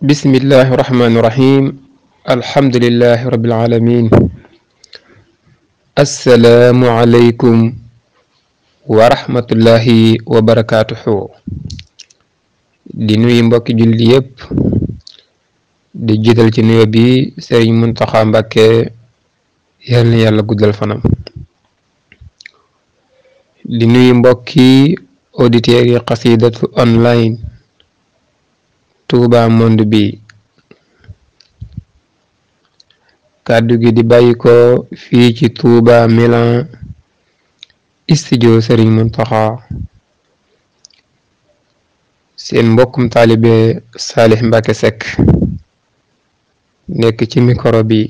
bismillahi irrahmani irrahim alhamdulilahi rabilalamin assalaamu aleykum wa rahmatullahi wa barakatuhu di nuyu mbokki julli yépp di jiital ci nuyo bi Sëriñ Muntaxa Mbàkke yal fanam di nuyu mbokki auditeurs online Touba monde bi kàddu gi di bàyyi fii ci Touba Milan studio Serigne Mountakha seen mbokkum taalibe Salih Mbacke Seck nekk ci mikoro bi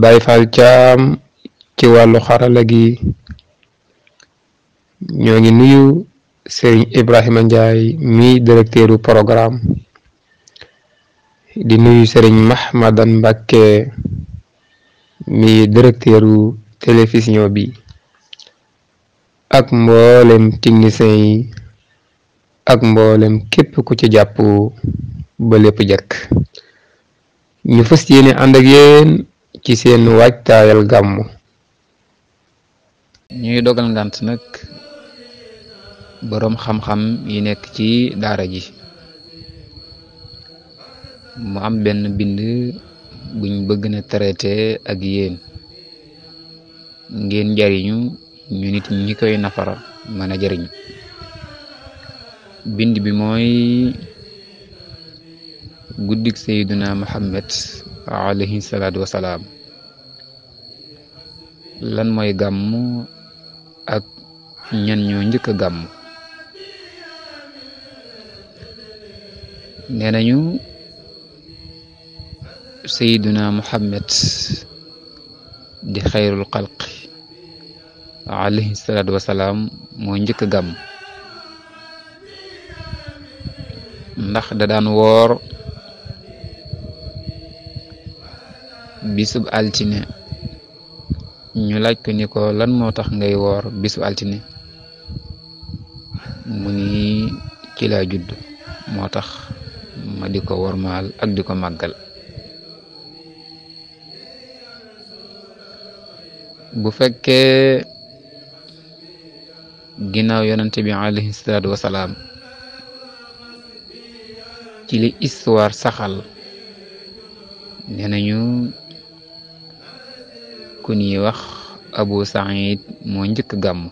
Baye Fall Thiam ci wàllu xarala gi ñoo ngi nuyu. Sering Ibrahim Anjay mi directeuru programme di nuyu Sering Mahmadan Bakke mi directeuru télévision bi ak mboolem technicien yi ak mboolem képp ku ci jàpp ba lépp jekk ñu fas yéene ànd ak yéen ci seen waajtaayal ñuy dogal ngant nag boroom xam-xam yi nekk ci daara ji mu am benn bind buñ bëgg na traité ak yéen ngeen jariñu ñu nit ñi koy nafara mën a jariñu bind bi mooy guddik sayduna muhammad alayhi salaatu wasalaam lan mooy gàmm ak ñan ñoo njëkk a gàmm nenañu sayyiduna muhammad di khairul khalq alayhi salatu wassalam mo ñëk gam ndax da daan wor bisub altine ñu laaj ko ni ko lan mo tax ngay wor bisub altine mu ni ci la judd ma di ko wormaal ak di ko màggal bu fekkee ginnaaw yonente bi alayhi salaatu wasalaam ci histoire saxal nee nañu ku ñuy wax abu saïd moo njëkk gàmm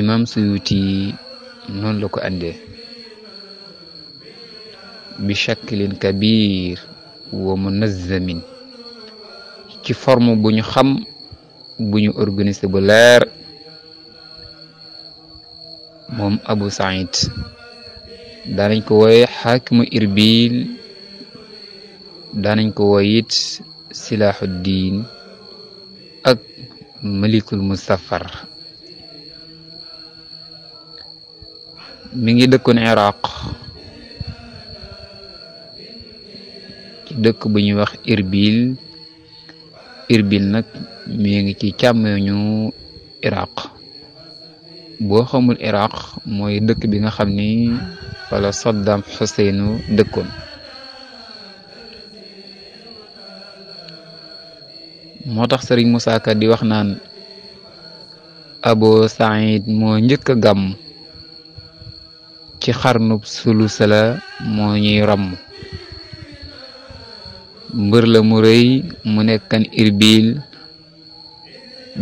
imam suyuti noonu la ko andee بشكل كبير ومنظم ci forme bu ñu xam bu ñu organiser bu leer moom Abu Saïd daanañ ko wooye xaakimu irbil daanañ ko wooye it silaaxuddin ak malikul mustafar mi ngi dëkkoon iraq dëkk bu ñuy wax Irbil Irbil nak mi ngi ci chamoyu Iraq bo xamul Iraq moy dëkk bi nga xamni wala Saddam Husseinu dëkkoon motax serigne Moussa Ka di wax naan Abu Sa'id mo ñëk gam ci sulu sulusala mo ñuy ram mbeur la mu reuy mu nekkan irbil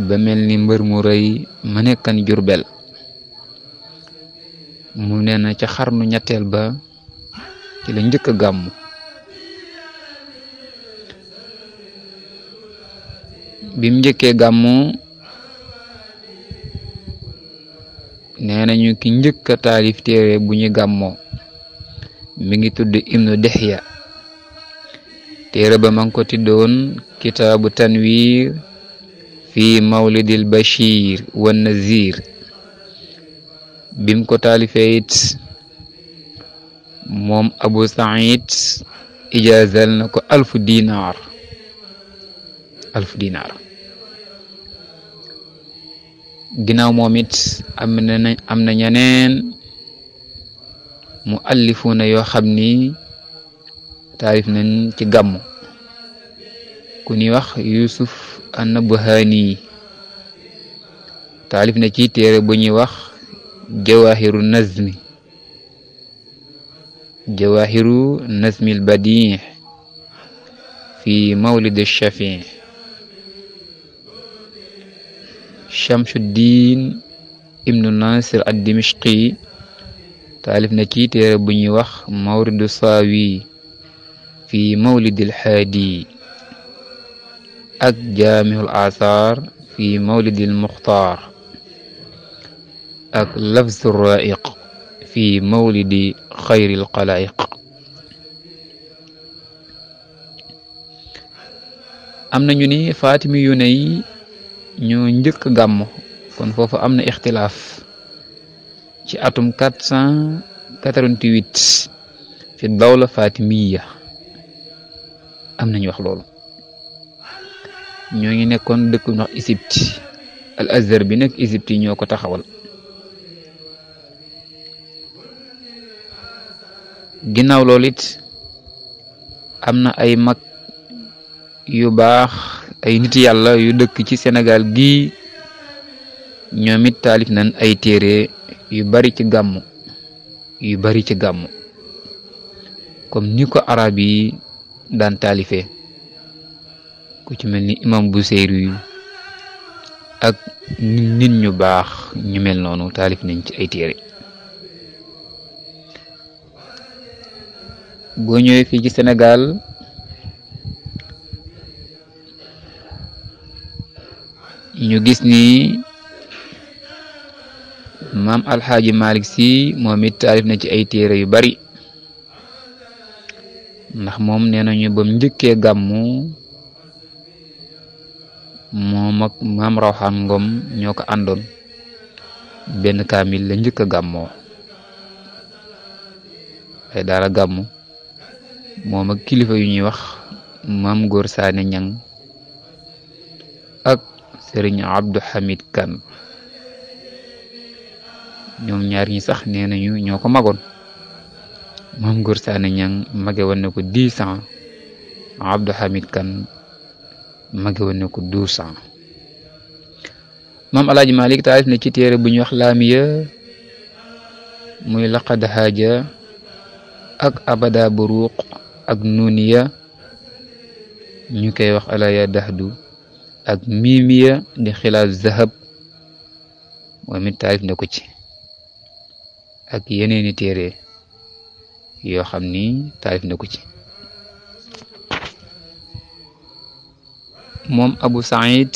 ba melni mbeur mu reuy mu nekkan jurbel mu neena ci xarnu ñettel ba ci la ñëk gam bi bim njëkkee gam neena ñu ki ñëk talif téré bu ñu de mi ngi tudd ibnu dihya téere ba ma ngi ko tiddoon kitaabu tanwir fi mawlidil bashir wa nazir bim ko taalifee moom abu said ijaazal na ko alfu dinaar alfu dinaar am na am mu allifuuna yoo xam تعرف نن تجمع كوني وخ يوسف النبهاني تعرف نتي تير بني وخ جواهر النزم جواهر النظم البديع في مولد الشافعي شمس الدين ابن الناصر الدمشقي تعرف نتي تير بني وخ مورد صاوي في مولد الحادي أك جامع الآثار في مولد المختار أك لفظ الرائق في مولد خير القلائق أمنا يوني فاتمي يوني نجك غامو كون فوفا أمنا اختلاف في أتم 498 في الدولة فاتمية am nañu wax loolu ñoo ngi nekkoon dëkk bu wax Égypte al Azhar bi nag Égypte yi ñoo ko taxawal ginnaaw loolu it am na ay mag yu baax ay nit yàlla yu dëkk ci Sénégal gii ñoom it taalif nañ ay téere yu bari ci gàmmu yu bari ci gàmmu comme ni ko yi daan taalifee ku ci mel ni imam Buseyri yu ak nit ñu baax ñu mel noonu taalif nañ ci ay téere boo ñëwee fii ci Sénégal ñu gis ni maam Alxaaji Malik Si moom it taalif na ci ay téere yu bari ndax moom nee nañu bam njëkkee gàmmu moom ak maam Rawaan Ngom ñoo ko àndoon benn kaamil la njëkk a gàmmoo waaye daala gàmmu moom ak kilifa yu ñuy wax maam góor saane ñang ak sëriñ Abdou Hamid Kan ñoom ñaar ñi sax nee nañu ñoo ko magoon maam góor saane ñang na ko dix ans Abdou Hamid Kane mage ko douze ans maam alaaji Malik taalif ne ci téere bu ñuy wax laamiya muy laqad haaja ak abada buruq ak nuuniya ñu koy wax alaya dahdu ak miimiya di xilaaf zahab moom it taalif na ko ci ak yeneeni téere yoo xam ni taarif na ko ci moom Abu Saïd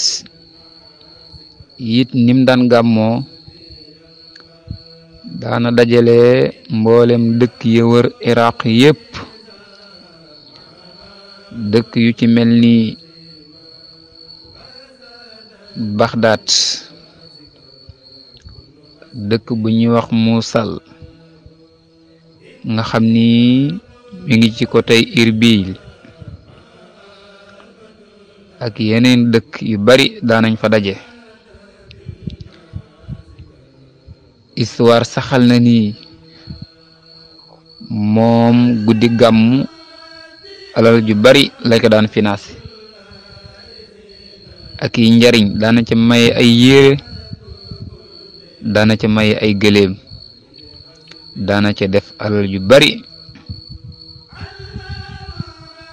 yiit nim daan gàmmoo daana dajale mboolem dëkk ya wër Iraq yépp dëkk yu ci mel ni Baxdaad dëkk bu ñuy wax Muusal nga xamni mi ngi ci côté Irbil ak yeneen dëkk yu bari daanañ fa dajé histoire saxal na ni mom guddi gam alal ju bari la ko daan financer ak yi njariñ daana ci may ay yére daana ci may ay gëléem daana ca def alal yu bari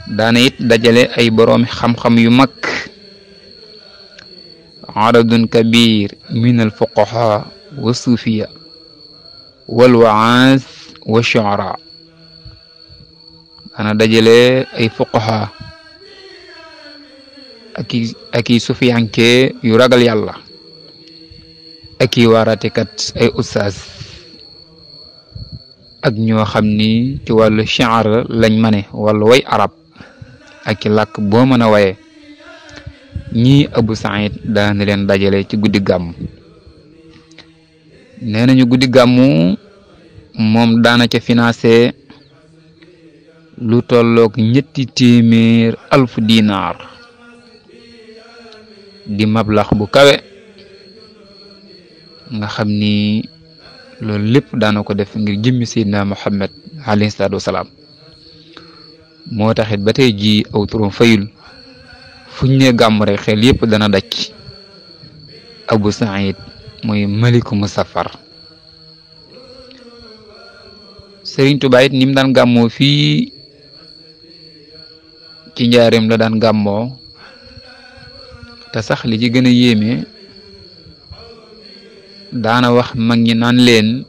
daana it dajale ay boroomi xam-xam yu mag adadun kabir min al fuqaha wa suufiya wal waaz wa shuara daana dajale ay fuqaha aki aki yu ragal yàlla aki waaratekat ay ustaas ak ñoo xam ni ci wàllu shi'ar lañ mane wala way arab ak ci làkk boo mën a waye ñii Abu Saïd daana leen dajale ci guddi gàmm nee nañu guddi gàmmu moom daana ci financé lu tollook ñetti téeméer alfu dinaar di mablax bu kawe nga xam ni loolu lépp daana ko def ngir jëmmi Seydina Muhammad alayhi salaatu wasalaam moo taxit ba tey jii aw turam fuñ ne gàmm rek xel yëpp dana daj Abu Saïd mooy maliku musafar Sëriñ Tuubaa it ni mu daan gàmmoo fii ci njaareem la daan gàmmoo te sax li ci gën a yéeme daana wax mag ñi naan leen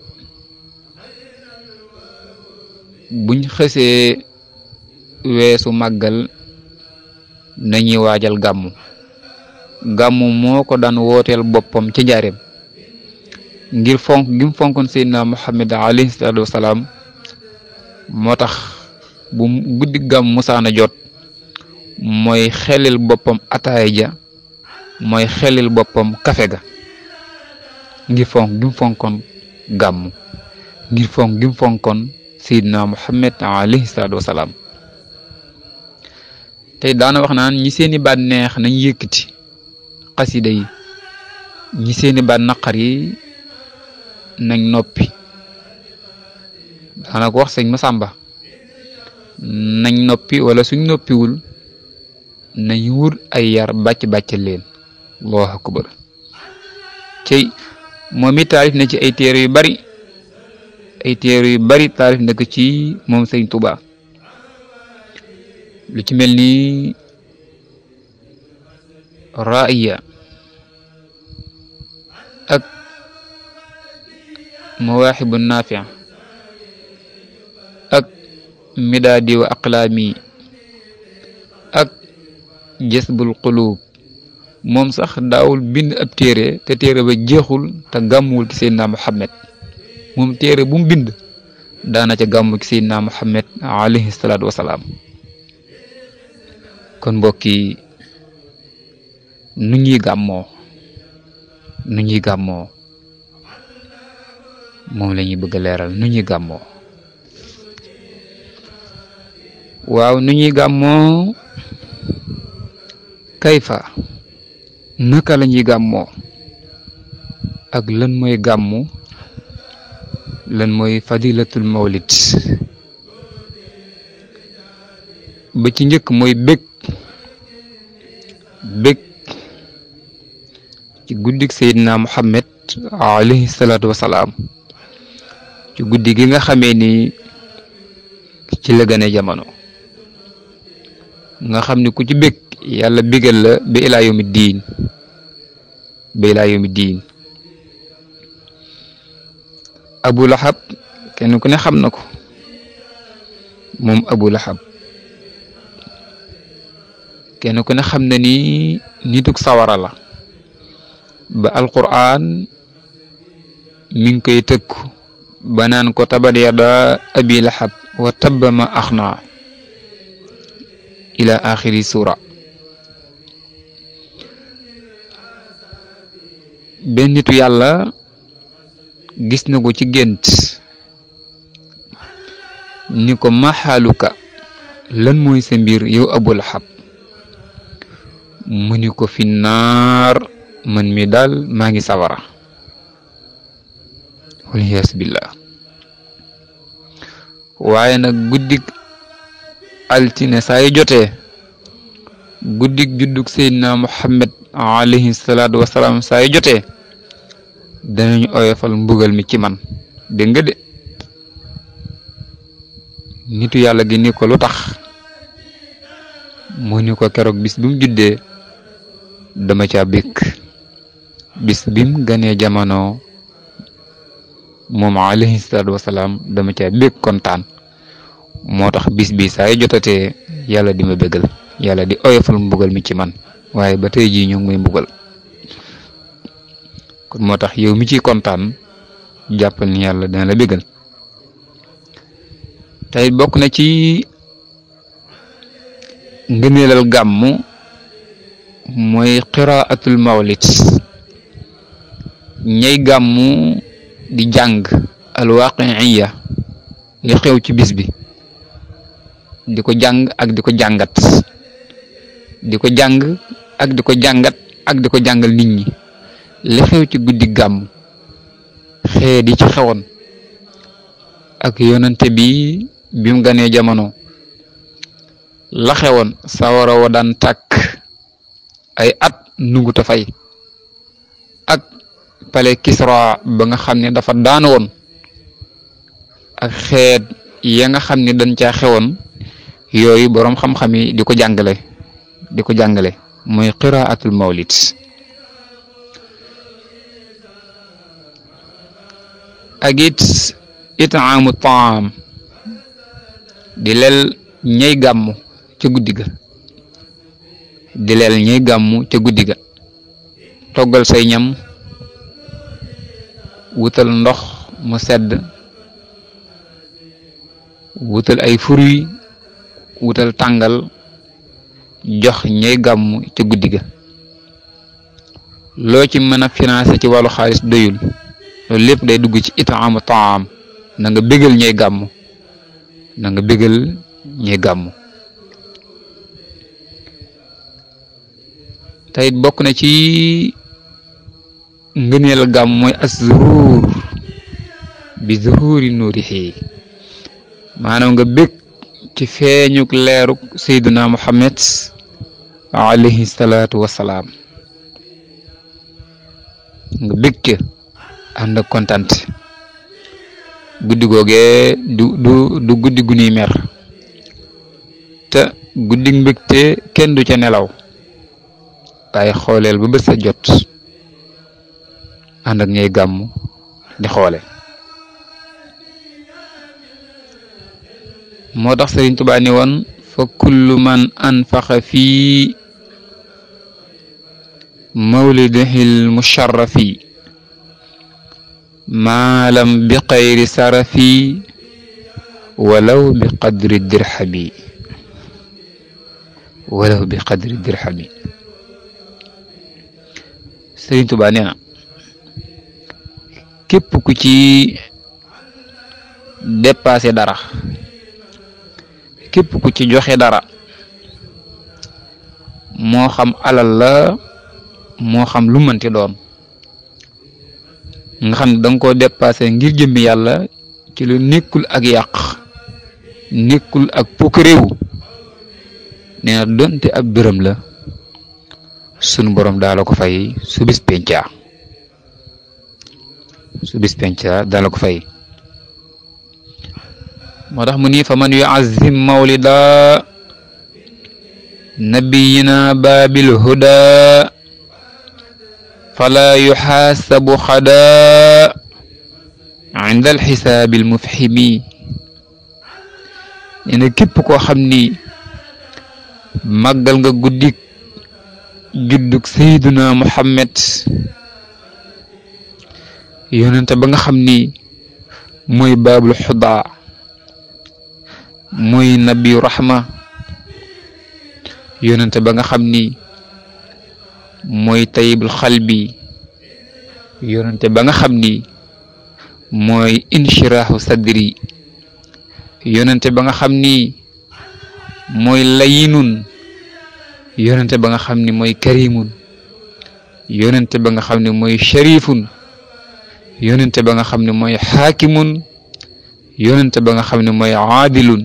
buñ xësee weesu màggal nañuy waajal gàmmu gàmmu moo ko daan wooteel boppam ci njaareem ngir fonk gim fonkoon seydina Muhammad alayhi salaatu moo tax bu guddi gàmm musaana jot mooy xelil boppam ataaya ja mooy xelil boppam kafe ga ngir fonk gi mu fonkoon gàmmu ngir fonk gi mu fonkoon Seydina Muhammad alayhi salaatu wasalaam tey daana wax naan ñi seeni baat neex nañ yëkkati xasida yi ñi seeni baat naqar yi nañ noppi daana ko wax sëñ Masamba nañ noppi wala suñ noppiwul nañ wur ay yar bàcc bàcc leen allahu akbar cey moom it na ci ay téere yu bari ay téere yu bari taalif na ko ci moom sëñ Tuubaa lu ci mel ni raaya ak mawaaxibu naafia ak midaadi wa aqlaami ak jasbul quluub moom sax daawul bind ab téere te téere ba jeexul te gàmmuwul ci Seydina Muhammad moom téere bu mu bind daana ca gàmmu ci Seydina Muhammad alayhi salaatu wasalaam kon mbokk yi nu ñuy gàmmoo nu ñuy gàmmoo moom lañuy ñuy bëgg leeral nu ñuy gàmmoo waaw nu ñuy gàmmoo kayfa naka la ñuy gàmmoo ak lan mooy gàmmu lan mooy fadilatul mawlid ba ci njëkk mooy bég bég ci guddik Seydina Muhammad alayhi salaatu wasalaam ci guddi gi nga xamee ni ci la gane jamono nga xam ni ku ci bég يلا بيجل بإلى يوم الدين بإلى يوم الدين أبو لحب كانوا كنا خمنكو مم أبو لحب كانوا كنا خمنني نيتوك صور الله بالقرآن من كيتك بنان كتب يا أبي لحب وتب ما أخنا إلى آخر سورة benn nitu yàlla gis na ko ci gént ni ko maxaaluka lan mooy sa mbir yow abul Lahab mu ni ko fi naar man mi daal maa ngi sawara waliyaasu billah waaye nag guddik altine saa jotee guddig juddug seydina muhammad alayhi salaatu wasalaam saa yu jotee danañu oyofal mbugal mi ci man dégg de nitu yàlla gi ni ko lu tax mu ni keroog bis bi mu juddee dama caa bég bis bim ganee jamono moom alayhi salaatu wasalaam dama caa bég kontaan moo tax bis bi saay yu jotatee yàlla dima ma yalla di oyofal oh, iya, mbugal mi ci man waye ba tay ji ñu ngi mbugal kon motax yow mi ci contane jappal ni yalla dana la bégal tey bokk na ci ngeneelal gamu moy qiraatul mawlid ñay gamu di al waqi'iyya li xew ci bis bi di ko ak di jangat diko jang ak diko jangat ak diko jangal nit ñi le xew ci guddi gam xé di ci xewon ak yonante bi bi mu ganee jamono la xewon sawara wa daan tak ay at nungu ta fay ak pale kisra ba nga xamné dafa daan won ak xéet ya nga xamné dañ ca xewon yooyu borom xam xami diko di ko jàngale mooy qiraatul mawlid ak it itaamu taam di leel ñey gàmmu ca guddi ga di leel ñey gàmmu ca guddiga toggal say ñam wutal ndox mu sedd wutal ay fruits wutal tàngal jox ñay gàmm ca guddi ga loo ci mën a financé ci wàllu xaalis doyul loolu lépp day dugg ci itaamu taam na nga bégal ñay gàmm na nga bégal ñay gàmm te bokk na ci ngëneel gàmm mooy as zuhuur bi zuhuuri nuurihi maanaam nga bég ci feeñuk leeruk Seydina Muhammad alayhi salaatu wassalam. nga bég and ànd ak kontant guddi goge du du du guddi guni mer te guddi mbégte kenn du ca nelaw tay xolel bu beusa jot and ak ngay gam di xoole motax serigne touba ni won fa kullu man anfaqa fi مولده المشرف ما لم بقير سرفي ولو بقدر الدرحم ولو بقدر الدرحم سرين تبانينا نعم. كيب كوتي ديباسي دارا كيب كوتي جوخي دارا مو خم الله mo xam lu ti doon nga xam ne da nga koo dépassé ngir jëmmi yàlla ci lu nekkul ak yàq nekkul ak pokkaréewu nee na donte ab dërëm la sunu borom daa la ko fay su bis pencaa su bis pencaa daa la ko fay moo tax fa man yuazim mawlida nabiyina babil huda فلا يحاسب خداء عند الحساب المفحم nee na képp koo xam ni màggal nga guddik juddug sayduna muhammad yonente ba nga xam ni mooy baabul xudaa mooy nabiyu rahma yonente ba nga xam ni mooy tayibul xalbi yonente ba nga xam ni mooy inshiraahu sadri yonente ba nga xam ni mooy layinun yonente ba nga xam ni mooy karimun yonente ba nga xam ni mooy sharifun yonente ba nga xam ni mooy xaakimun yonente ba nga xam ni mooy aadilun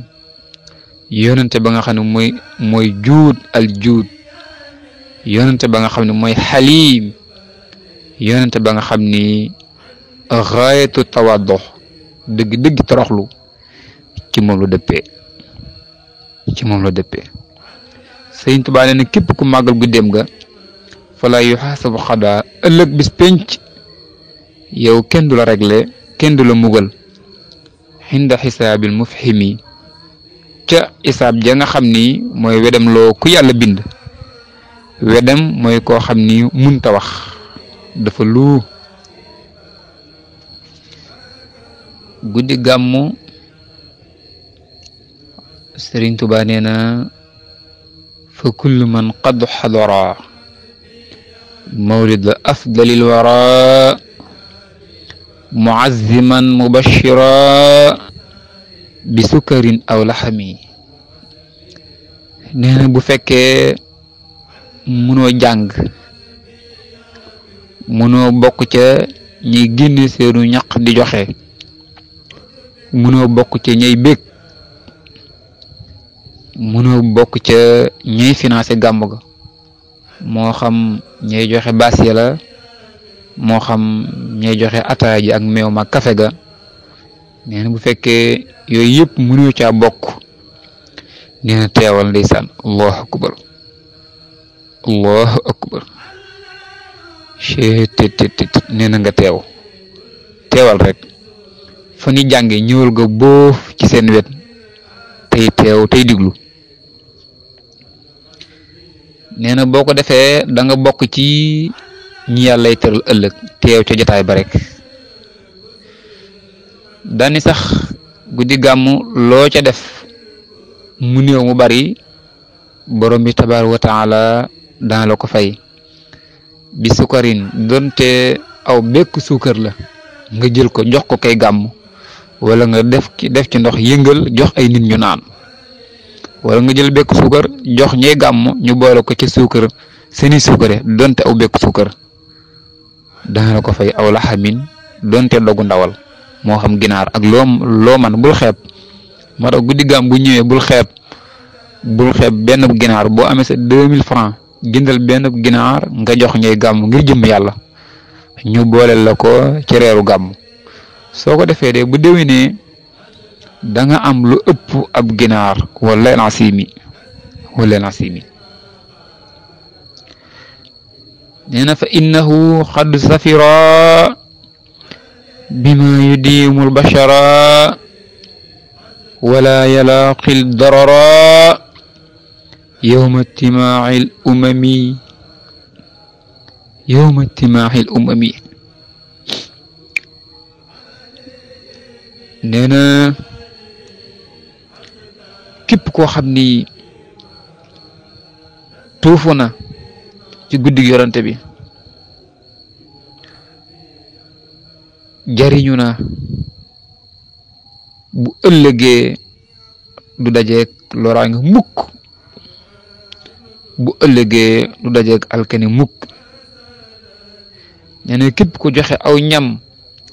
yonente ba nga xam ne mooy mooy juud al juud yonente ba nga xam ne mooy xaliim yonente ba nga xam ni xaayatu tawaddox dëgg-dëgg toroxlu ci moom la dëppee ci moom la dëppee sëriñ Tuubaa nee na képp ku màggal guddeem ga fala yuxaasabu xadaa ëllëg bis penc yow kenn du la réglé kenn du la mugal xinda xisaabil mufhimi ca isaab ja nga xam ni mooy wedam loo ku yàlla bind wedem moy ko xamni munta wax dafa lu gudi gamu serigne touba neena fa kull man qad hadara mawlid afdali alwara muazziman mubashira bi sukarin aw laxami nee na bu fekkee mënoo jàng mënoo bokk ca ñi génne seenu ñakk di joxe mënoo bokk ca ñay bég mënoo bokk ca ñay financé gàmb ga moo xam ñay joxe baas la moo xam ñay joxe ataaya ji ak meew ma kafe ga nee bu fekkee yooyu yëpp mënoo caa bokk nee a teewal ndeysaan allahu akbar allahu akbar chetttt na nga teew teewal rek fa jànge ñëwal nga boof ci seen wet tey teew tey diglu nee boo ko defee danga bokk ci ñi yàllay tëral ëllëg teew ci jataay ba rek dani sax guddi gàmmu loo ca def mu néew mu bari borom bi tabaar dana la ko fay bi sukarin donte aw bekk suukar la nga jël ko jox ko kay gàmm wala nga def ci def ci ndox yëngal jox ay nit ñu naan wala nga jël bekk suukar jox ñey gàmm ñu boole ko ci suukar seeni suukare donte aw bekk suukar dana la ko fay aw laxamin donte dogu ndawal moo xam ginaar ak loo loo man bul xeeb ma tax guddi gàmm bu ñëwee bul xeeb bul xeeb benn ginaar boo amee sa deux mille francs gindal benn ginaar nga jox ñuy gàmm ngir jëm yàlla ñu booleel la ko ci reeru gàmm soo ko defee de bu déwénee da nga am lu ëpp ab ginaar wala nasimi wala nasimi nee na fa innahu xad safira bima yudimu bashara wala yalaaqi darara يوم اجتماع الأمم يوم اجتماع الأمم nee na képp koo xam ni tuufu na ci guddig yorante bi jariñu na bu ëllëgee du dajeek loraange mukk bu ëllëgee du dajeeg alkani mukk nee képp ku joxe aw ñam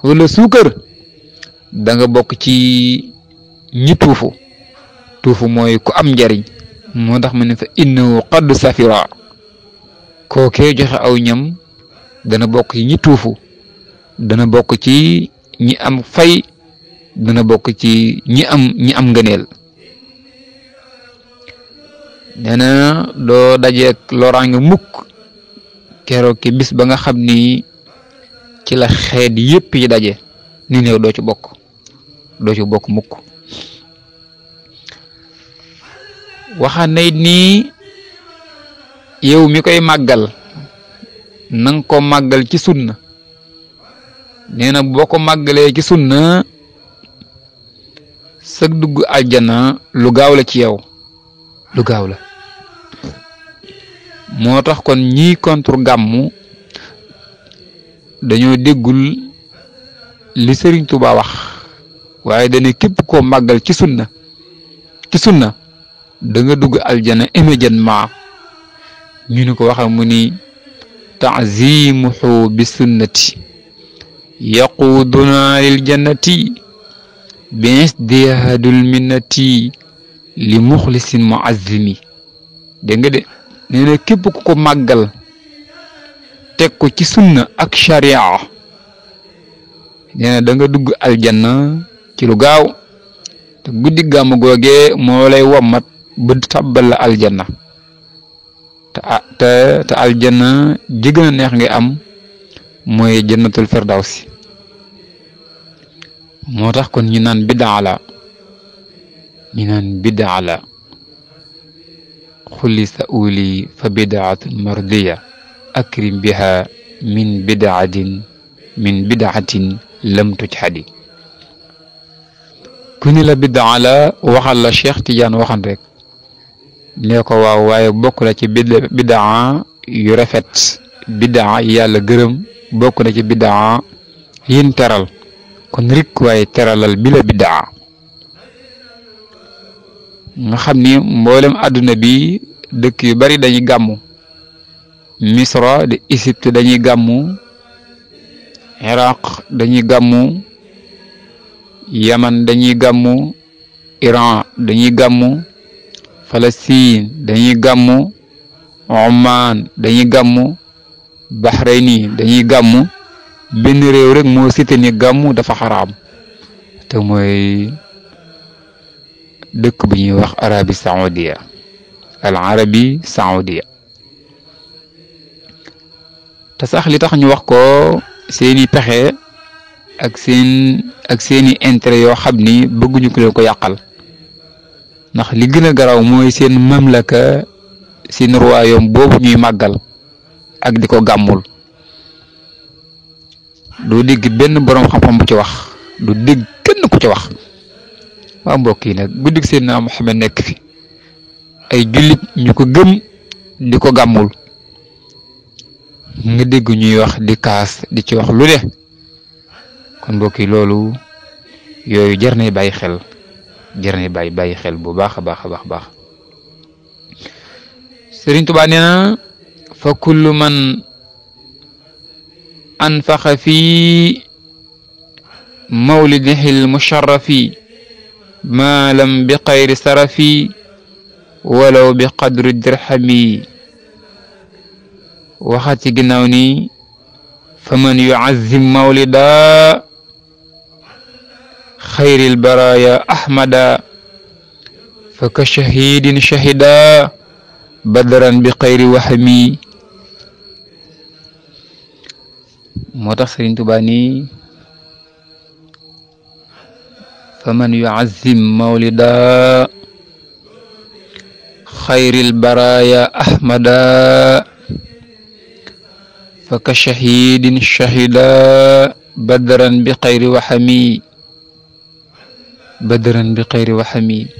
wala suukar danga bokk ci ñi tuufu tuufu mooy ku am njariñ moo tax mu ne fa innahu qad safira kookee joxe aw ñam dana bokk ci ñi tuufu dana bokk ci ñi am fay dana bokk ci ñi am ñi am ngëneel nee doo dajeeg loraange mukk keroog ki bis ba nga xam ni ci la xeet yépp yi daje ni néew doo ci bokk doo ci bokk mukk waxaa na it nii yow mi koy màggal nanga ko màggal ci sunna nee na boo ko màggalee ci sunna sag dugg aljana lu gaaw la ci yow lu gaaw la moo tax kon ñii contre gàmmu dañoo déggul li Sëriñ Tuubaa wax waaye dane képp koo màggal ci sunna ci sunna da dugg aljana immédiatement ñu ni ko waxa mu ni taazimuhu bi sunnati yaquuduna lil jannati bi isdihaadul minnati li mukhlisin mu'azzimi de nga de neena kep ku ko magal tek ko ci sunna ak sharia neena da nga dugg aljanna ci lu gaaw te guddi gam goge mo lay wamat ba tabal aljanna ta ta, ta aljanna ji neex ngay am moy jannatul firdawsi motax kon ñu nan bid'a la من البدع على خلص أولي فبدعة مرضية أكرم بها من بدعة من بدعة لم تجحد كن لا بدعة على وحال الشيخ تيان وخان رك نيكو واو واي بدعة يرفت بدعة يا گرم بكرة بدعة يين ترال كون ريك واي بلا بدعه nga xam ni mboolem àdduna bi dëkk yu bari dañuy gàmmu misra di Égypte dañuy gàmmu iraq dañuy gàmmu yaman dañuy gàmmu iran dañuy gàmmu Palestine dañuy gàmmu Oman dañuy gàmmu Bahreini dañuy gàmmu benn réew rek moo site ni gàmmu dafa xaraam te mooy dëkk bi ñuy wax arabi saoudia al arabi saoudia te sax li tax ñu wax ko seeni pexe ak seen ak seeni intérêt yoo xam ni bëgguñu ko leen ko yàqal ndax li gën a garaw mooy seen mamlaka seen royaume boobu ñuy màggal ak di ko gàmmul du dégg benn borom xam-xam bu ci wax du dégg kenn ku ci wax waaw mbokk yi nag guddig Seydina Muhammad nekk fi ay jullit ñu ko gëm di ko gàmmul nga dégg ñuy wax di kaas di ci wax lu de kon mbokk yi loolu yooyu jar nay bàyyi xel jar nay bàyyi bàyyi xel bu baax a baax a baax baax Sëriñ Tuubaa nee na fa kullu man anfaqa fi mawlidihil musharrafi ما لم بقير سرفي ولو بقدر الدرحمي وحتي جنوني فمن يعزم مولدا خير البرايا أحمدا فكشهيد شهدا بدرا بقير وحمي موتاخ سرين تباني faman yuazim mawlida xayril baraya ahmada fa ka shahidin shahida badran bi xayri waxami badran bi xayri waxami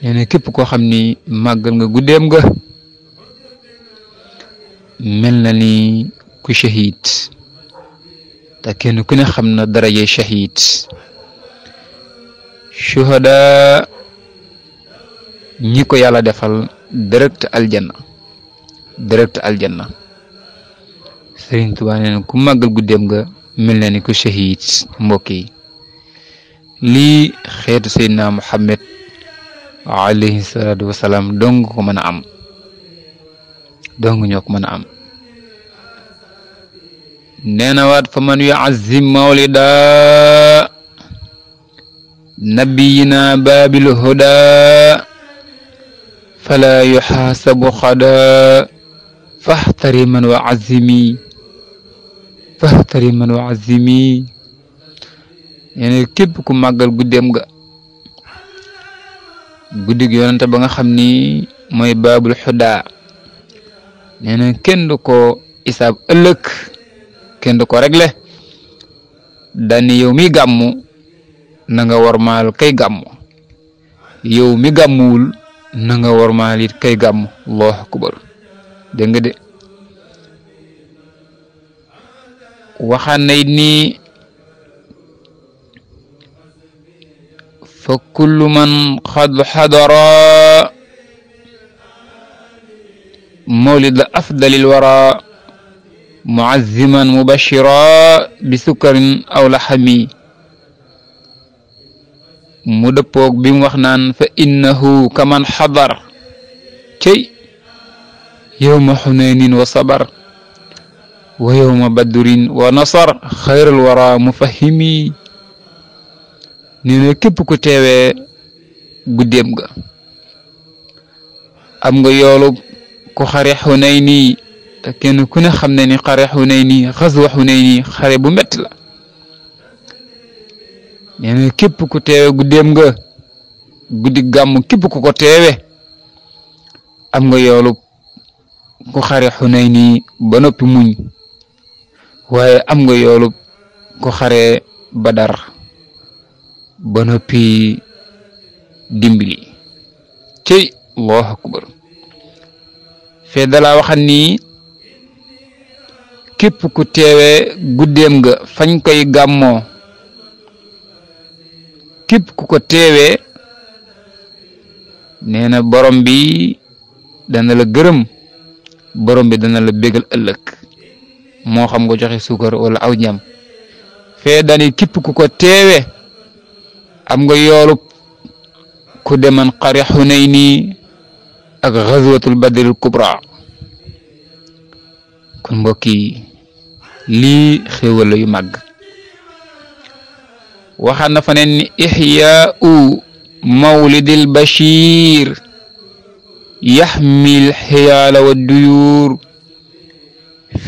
nee na képp koo xam ni màggal nga guddeem nga mel na ni ku shahid te kenn ku ne xam na daraje shahid shuhada ñi ko yàlla defal direct aljanna direct aljanna Sëriñ Tuubaa nee na ku màggal guddeem nga mel na ni ko shahid mbokk yi lii xeetu Seydina Muhammad alayhi salaatu wasalaam dong ko mën a am dong ñook ko mën a am nee na waat fa man yuazim mawlida nabiyina baabil huda fala yuxaasabu xada faxtari man wa azimi faxtari man wa azimi nee na képp ku màggal guddeem ga guddig yonente ba nga xam ni mooy baabul xudaa nee na kenn du ko isaab ëllëg kenn du ko réglé dani yow mi gàmmu na nga kay gàmmu yow mi gàmmuwul na nga warmaal it kay gàmmu allahu akbar dégg de waxaan na fa kullu man xad xadara mawlida afdalil wara muazziman mubashira bi sukkarin aw laxami mu dëppoog bi mu wax naan fa innahu kaman xadar cey yowma xunanin wa sabar wa yowma badrin wa nasar xayral wara mufahimi nee na képp ku teewee guddeem ga am nga yoolu ku xare xunayni te kenn ku ne xam ne ni xare Xunayni xaswa Xunayni xare bu métti la nee na képp ku teewe guddeem nga guddi gàmm képp ku ko teewe am nga yoolu ku xare Xunayni ba noppi muñ waaye am nga yoolu ku xare Badar ba noppi dimbali cey allahu akbar képp ku teewee guddeem nga fañ koy gàmmoo képp ku ko teewee nee na borom bi dana la gërëm borom bi dana la bégal ëllëg moo xam nga joxe suukar wala aw ñam fee képp ku ko teewee am nga yoolub ku deman xare Xunayni ak xaswatul badril kubra kon mbokk yi lii xéewal yu màgg waxaan na fa neen ni ixyaau mawlidil bashir yaxmil duyuur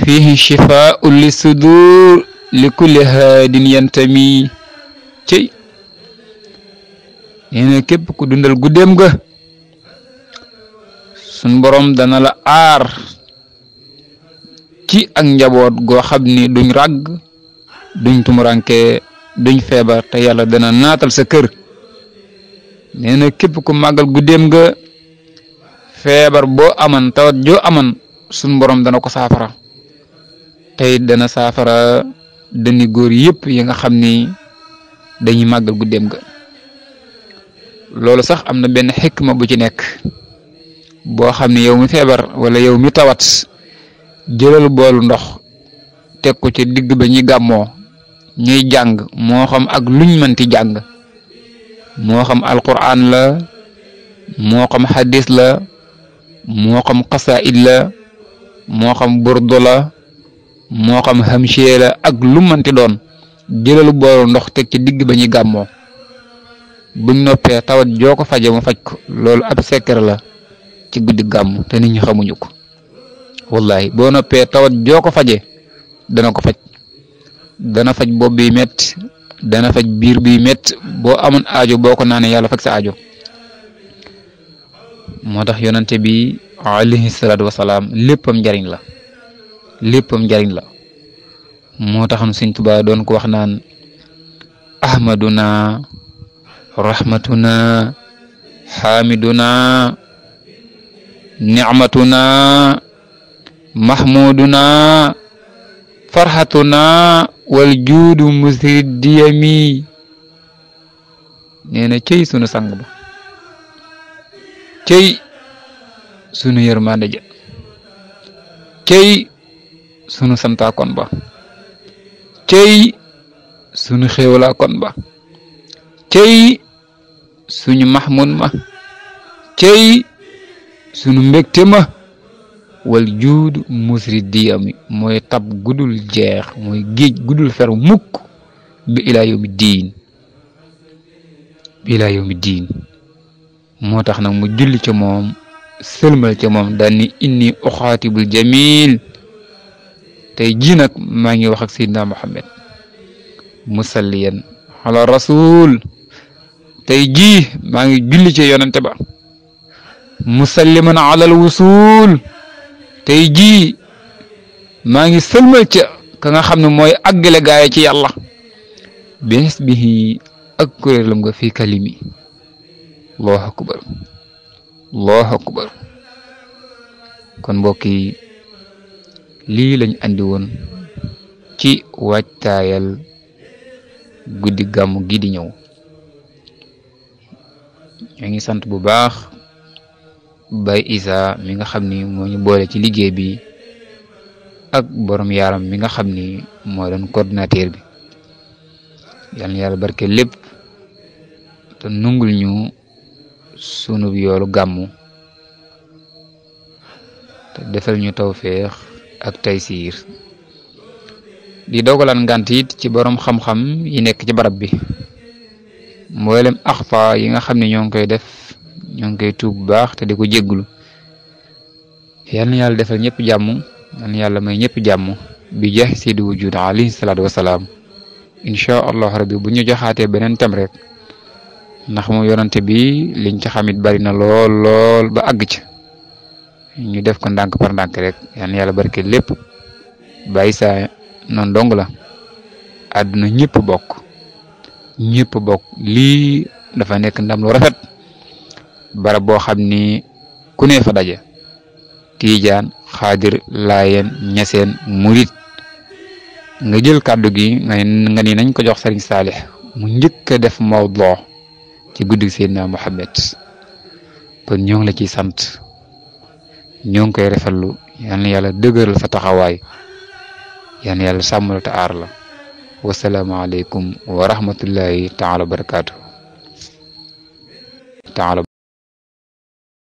fihi shifaau li sudur li kulli haadin yantami cey nee na ku dundal guddeem ga sun borom dana la aar ci ak njaboot goo xam ni duñ ràgg duñ tumuranke duñ feebar te yàlla dana naatal sa kër nee na képp ku màggal guddeem nga feebar boo aman tawat joo aman suñ boroom dana ko saafara tey dana saafara dani góor yépp yi nga xam ni dañuy màggal guddeem ga loolu sax am na benn xikma bu ci nekk boo xam ni yow mi feebar wala yow mi tawat jëlal boolu ndox teg ko ci digg ba ñi gàmmoo ñuy jàng moo xam ak luñ mënti jàng moo xam alquran la moo xam xadis la moo xam xasaid la moo xam burdu la moo xam hamshiye la ak lu mënti doon jëlal boolu ndox teg ci digg ba ñi gàmmoo buñ noppee tawat joo ko faje mu faj ko loolu ab secret la ci guddi gàmm te nit ñi xamuñu ko wallahi bo noppé tawat joko faje dana ko faj dana faj bopp bi met, dana faj bir bi met, bo amon aajo boko ko yalla fak sa aajo motax yonante bi alayhi salatu wassalam leppam jariñ la leppam jariñ la motax taxoon seigne touba don ko wax nan ahmaduna rahmatuna hamiduna, ni'matuna mahmuduna farhatuna wal juudu musri diyami nee na cëy sunu sang ba cëy sunu yërmande ja cëy sunu santaakon ba cëy sunu xéewlaakon ba cëy suñu mahmud ma cëy sunu mbégte ma والجود مثل الديام موي تاب غودول جيخ موي جيج غودول فر موك الى يوم الدين الى يوم الدين موتاخ نا مو جولي تي موم سلمال تي موم داني اني اخاتب الجميل تاي جي نا ماغي واخ سيدنا محمد مصليا على الرسول تاي جي ماغي جولي تي يونت مسلما على الوصول tey jii maa ngi sëlmal ca ka nga xam ne mooy àggale gaay ci yàlla bés bi ak kuréelam nga fi kalimi allahu akbar allahu akbar kon mbokk yi lii lañ andi woon ci waajtaayal guddi gàmmu gi di ñëw ñoo ngi sant bu baax bay isa mi nga xamni mo ñu boole ci liggéey bi ak borom yaram mi nga xamni mo leen coordinateur bi yal na barke lepp te nungul ñu sunu yoolu gamu te defal ñu tawfeex ak taysir di dogalan ngant ci borom xam-xam yi nekk ci barab bi mboolem akhfa yi nga xamni ñong koy def ñoo ngi koy tuub baax te diko ko yalla yal na yàlla defal ñepp jamm yal na yàlla may ñepp jamm bi jeex seydi wujud sallallahu alaihi wasallam insha allah rabbi bu ñu joxaatee beneen tam rek ndax mo yonante bi liñ ci xamit bari na lol lol ba ag ci ñu def ko ndank par ndank rek yalla yalla barke lepp bàyyi saa noonu dong la aduna ñepp bok ñepp bok li dafa nek ndam lu rafet barab bo xamni ku ne fa daje tidiane khadir layen ñeseen murit nga jël kàddu gi nga ni nañ ko jox serigne salih mu ñëk def mawdo ci guddi seydina muhammad kon ñong la ci sant ñong koy refetlu yalla yalla yàlla fa taxaway yalla yalla samul ta ar la wa rahmatullahi taala barakatuh taala